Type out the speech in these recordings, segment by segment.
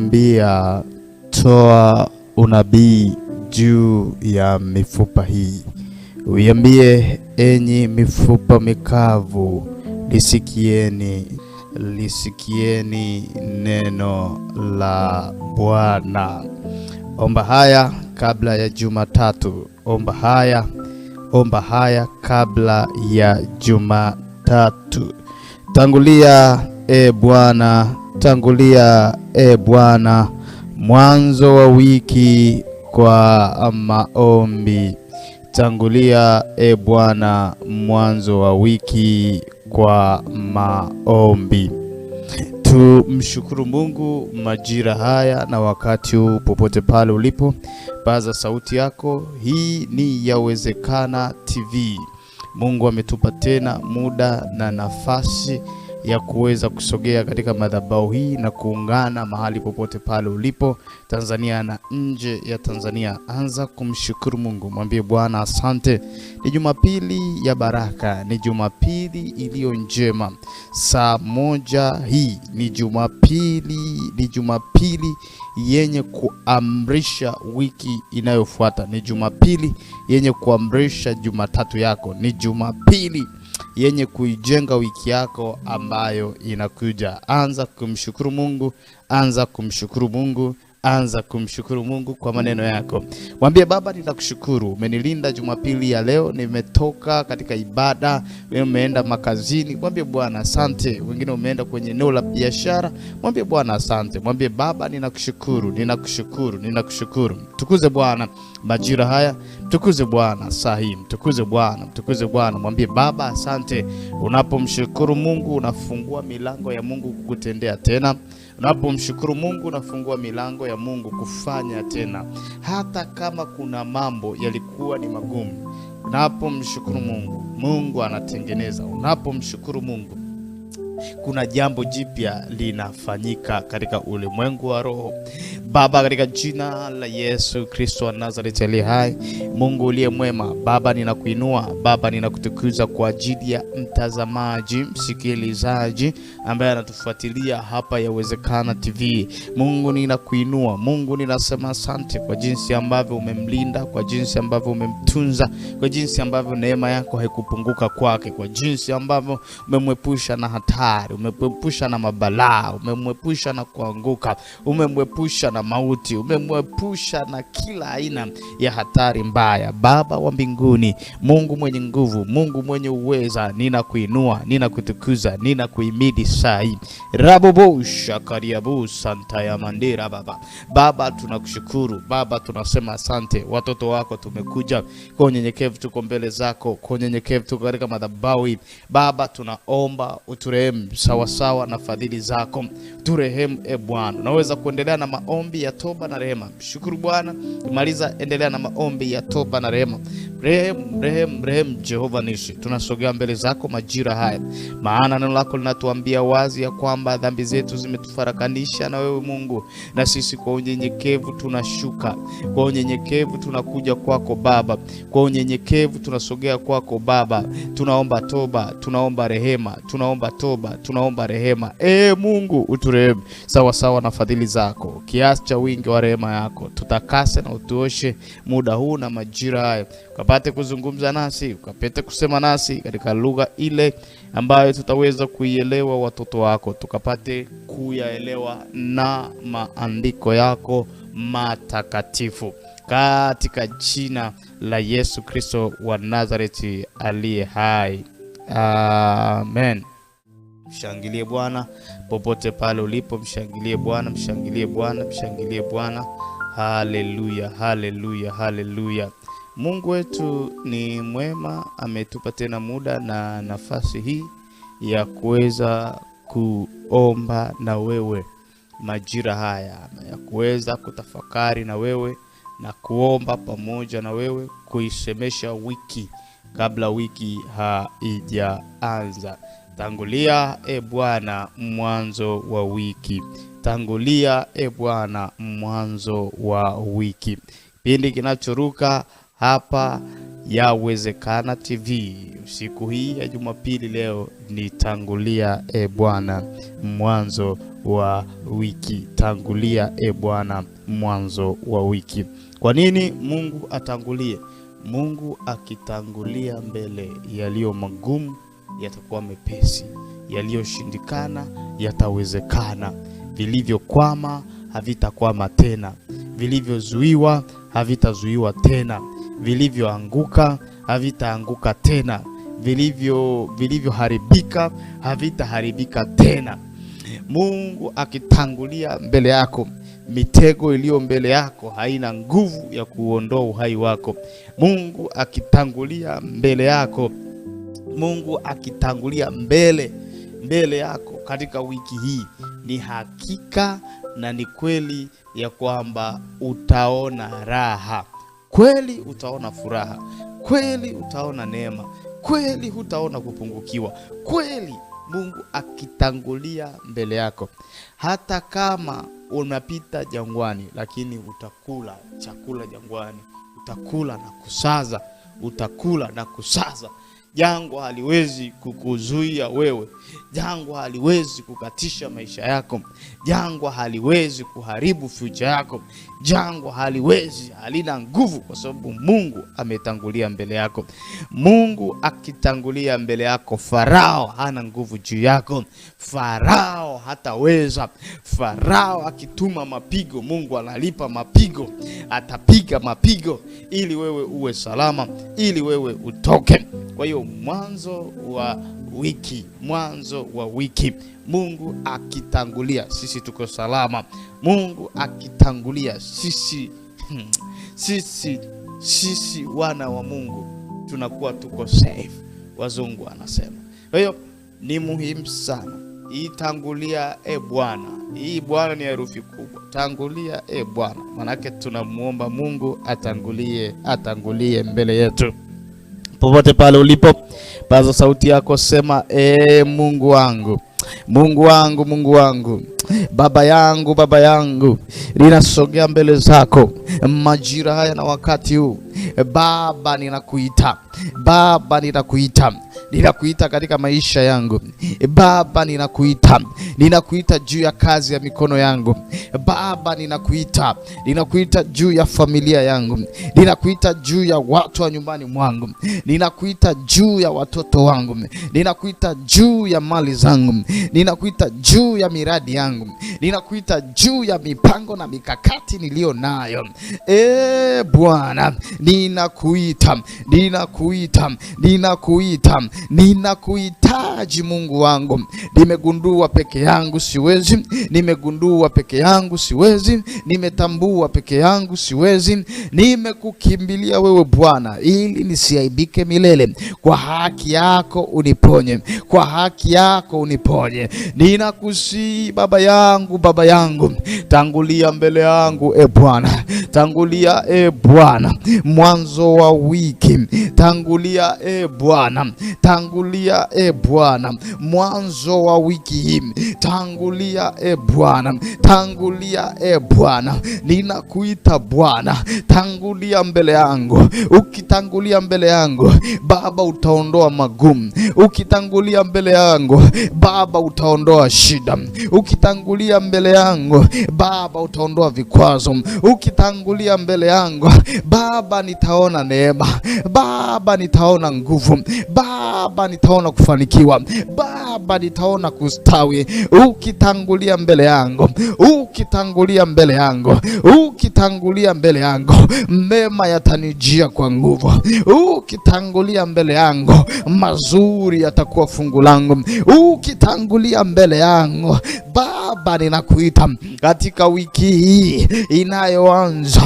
Aliwaambia, toa unabii juu ya mifupa hii, uiambie enyi mifupa mikavu, lisikieni, lisikieni neno la Bwana. Omba haya kabla ya Jumatatu, omba haya, omba haya kabla ya Jumatatu. Tangulia, e Bwana Tangulia e Bwana mwanzo wa wiki kwa maombi. Tangulia e Bwana mwanzo wa wiki kwa maombi. Tumshukuru Mungu majira haya na wakati huu, popote pale ulipo, baza sauti yako. Hii ni Yawezekana TV. Mungu ametupa tena muda na nafasi ya kuweza kusogea katika madhabahu hii na kuungana mahali popote pale ulipo Tanzania na nje ya Tanzania. Anza kumshukuru Mungu, mwambie Bwana asante. Ni Jumapili ya baraka, ni Jumapili iliyo njema. Saa moja hii ni Jumapili, ni Jumapili yenye kuamrisha wiki inayofuata, ni Jumapili yenye kuamrisha Jumatatu yako, ni Jumapili yenye kuijenga wiki yako ambayo inakuja. Anza kumshukuru Mungu, anza kumshukuru Mungu anza kumshukuru Mungu kwa maneno yako. Mwambie Baba, ninakushukuru, umenilinda jumapili ya leo, nimetoka katika ibada, wewe umeenda makazini. Mwambie Bwana asante, wengine umeenda kwenye eneo la biashara. Mwambie Bwana asante, mwambie Baba, ninakushukuru, ninakushukuru, ninakushukuru. Mtukuze Bwana majira haya, mtukuze Bwana saa hii, mtukuze Bwana, mtukuze Bwana. Mwambie Baba asante. Unapomshukuru Mungu unafungua milango ya Mungu kukutendea tena Unapomshukuru Mungu unafungua milango ya Mungu kufanya tena, hata kama kuna mambo yalikuwa ni magumu. Unapomshukuru Mungu, Mungu anatengeneza. Unapomshukuru Mungu kuna jambo jipya linafanyika katika ulimwengu wa roho. Baba, katika jina la Yesu Kristo wa Nazareti aliye hai, Mungu uliye mwema, Baba ninakuinua, Baba ninakutukuza kwa ajili ya mtazamaji, msikilizaji ambaye anatufuatilia hapa Yawezekana TV. Mungu ninakuinua, Mungu ninasema asante kwa jinsi ambavyo umemlinda, kwa jinsi ambavyo umemtunza, kwa jinsi ambavyo neema yako haikupunguka kwake, kwa jinsi ambavyo umemwepusha na hatari hatari, umemwepusha na mabalaa, umemwepusha na kuanguka, umemwepusha na mauti, umemwepusha na kila aina ya hatari mbaya. Baba wa mbinguni, Mungu mwenye nguvu, Mungu mwenye uweza, ninakuinua, ninakutukuza, ninakuhimidi saa hii kariabu santa ya mandira baba. Baba tunakushukuru Baba, tunasema asante. Watoto wako tumekuja kwa unyenyekevu, tuko mbele zako kwa unyenyekevu, tuko katika madhabahu Baba, tunaomba uturehemu sawasawa na fadhili zako, turehemu e Bwana. Unaweza kuendelea na maombi ya toba na rehema. Mshukuru Bwana, maliza, endelea na maombi ya toba na rehema. Rehemu, rehemu, rehemu Jehova nishi, tunasogea mbele zako majira haya, maana neno lako linatuambia wazi ya kwamba dhambi zetu zimetufarakanisha na wewe Mungu, na sisi kwa unyenyekevu tunashuka, kwa unyenyekevu tunakuja kwako Baba, kwa unyenyekevu tunasogea kwako Baba, tunaomba toba, tunaomba rehema, tunaomba toba Baba, tunaomba rehema. e Mungu, uturehemu sawasawa na fadhili zako, kiasi cha wingi wa rehema yako, tutakase na utuoshe muda huu na majira hayo ukapate kuzungumza nasi, ukapate kusema nasi katika lugha ile ambayo tutaweza kuielewa, watoto wako tukapate kuyaelewa na maandiko yako matakatifu katika jina la Yesu Kristo wa Nazareti aliye hai, amen. Mshangilie Bwana popote pale ulipo, mshangilie Bwana, mshangilie Bwana, mshangilie Bwana. Haleluya, haleluya, haleluya. Mungu wetu ni mwema, ametupa tena muda na nafasi hii ya kuweza kuomba na wewe majira haya, ya kuweza kutafakari na wewe na kuomba pamoja na wewe, kuisemesha wiki kabla wiki haijaanza. Tangulia e Bwana mwanzo wa wiki, tangulia e Bwana mwanzo wa wiki. Kipindi kinachoruka hapa Yawezekana TV siku hii ya Jumapili, leo ni tangulia e Bwana mwanzo wa wiki, tangulia e Bwana mwanzo wa wiki. Kwa nini Mungu atangulie? Mungu akitangulia mbele yaliyo magumu yatakuwa mepesi, yaliyoshindikana yatawezekana, vilivyokwama havitakwama tena, vilivyozuiwa havitazuiwa tena, vilivyoanguka havitaanguka tena, vilivyo vilivyoharibika havitaharibika tena. Mungu akitangulia mbele yako, mitego iliyo mbele yako haina nguvu ya kuondoa uhai wako. Mungu akitangulia mbele yako Mungu akitangulia mbele mbele yako katika wiki hii, ni hakika na ni kweli ya kwamba utaona raha, kweli utaona furaha, kweli utaona neema, kweli hutaona kupungukiwa, kweli Mungu akitangulia mbele yako. Hata kama unapita jangwani, lakini utakula chakula jangwani, utakula na kusaza, utakula na kusaza Jangwa haliwezi kukuzuia wewe, jangwa haliwezi kukatisha maisha yako, jangwa haliwezi kuharibu future yako, jangwa haliwezi, halina nguvu, kwa sababu Mungu ametangulia mbele yako. Mungu akitangulia mbele yako, Farao hana nguvu juu yako, Farao hataweza. Farao akituma mapigo, Mungu analipa mapigo, atapiga mapigo ili wewe uwe salama, ili wewe utoke. Kwa hiyo mwanzo wa wiki, mwanzo wa wiki, Mungu akitangulia sisi tuko salama. Mungu akitangulia sisi hmm, sisi sisi wana wa Mungu tunakuwa tuko safe, wazungu anasema. Kwa hiyo ni muhimu sana hii tangulia, e Bwana. Hii Bwana ni herufi kubwa, tangulia, e Bwana, manake tunamuomba Mungu atangulie, atangulie mbele yetu popote pale ulipo, paza sauti yako, sema ee, Mungu wangu Mungu wangu, Mungu wangu, baba yangu, baba yangu, ninasogea mbele zako majira haya na wakati huu. Baba, ninakuita Baba, ninakuita ninakuita katika maisha yangu Baba, ninakuita ninakuita juu ya kazi ya mikono yangu Baba, ninakuita ninakuita juu ya familia yangu, ninakuita juu ya watu wa nyumbani mwangu, ninakuita juu ya watoto wangu, ninakuita juu ya mali zangu, ninakuita juu ya miradi yangu, ninakuita juu ya mipango na mikakati niliyo nayo. E Bwana, ninakuita ninakuita ninakuita Ninakuhitaji Mungu wangu, nimegundua peke yangu siwezi, nimegundua peke yangu siwezi, nimetambua peke yangu siwezi, nimekukimbilia wewe Bwana ili nisiaibike milele. Kwa haki yako uniponye, kwa haki yako uniponye. ninakusii baba yangu, baba yangu, tangulia mbele yangu e Bwana Tangulia e Bwana mwanzo wa wiki, tangulia e Bwana, tangulia e Bwana mwanzo wa wiki hii, tangulia e Bwana, tangulia e Bwana, ninakuita Bwana, tangulia mbele yangu. Ukitangulia mbele yangu Baba, utaondoa magumu. Ukitangulia mbele yangu Baba, utaondoa shida. Ukitangulia mbele yangu Baba, utaondoa vikwazo. Ukitangulia unatangulia mbele yangu Baba, nitaona neema Baba, nitaona nguvu Baba, Baba, nitaona kufanikiwa Baba, nitaona kustawi, ukitangulia mbele yangu, ukitangulia mbele yangu, ukitangulia mbele yangu, mema yatanijia kwa nguvu. Ukitangulia mbele yangu, mazuri yatakuwa fungu langu. Ukitangulia mbele yangu Baba, ninakuita katika wiki hii inayoanza.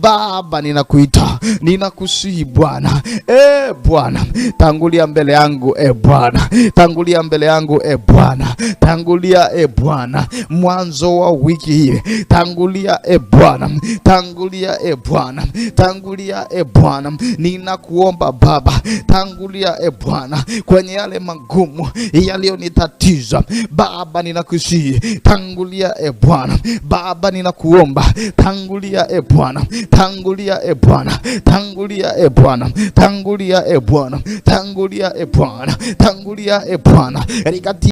Baba, ninakuita, ninakusii Bwana, e Bwana, tangulia mbele yangu yangu e Bwana, tangulia mbele yangu e Bwana, tangulia e Bwana, mwanzo wa wiki hii, tangulia e Bwana, tangulia e Bwana, tangulia e Bwana, ninakuomba Baba, tangulia e Bwana, kwenye yale magumu yaliyonitatiza Baba, ninakusihi tangulia e Bwana, Baba ninakuomba tangulia e Bwana, tangulia e Bwana, tangulia e Bwana, tangulia e Bwana, tangulia e Bwana, tangulia e Bwana,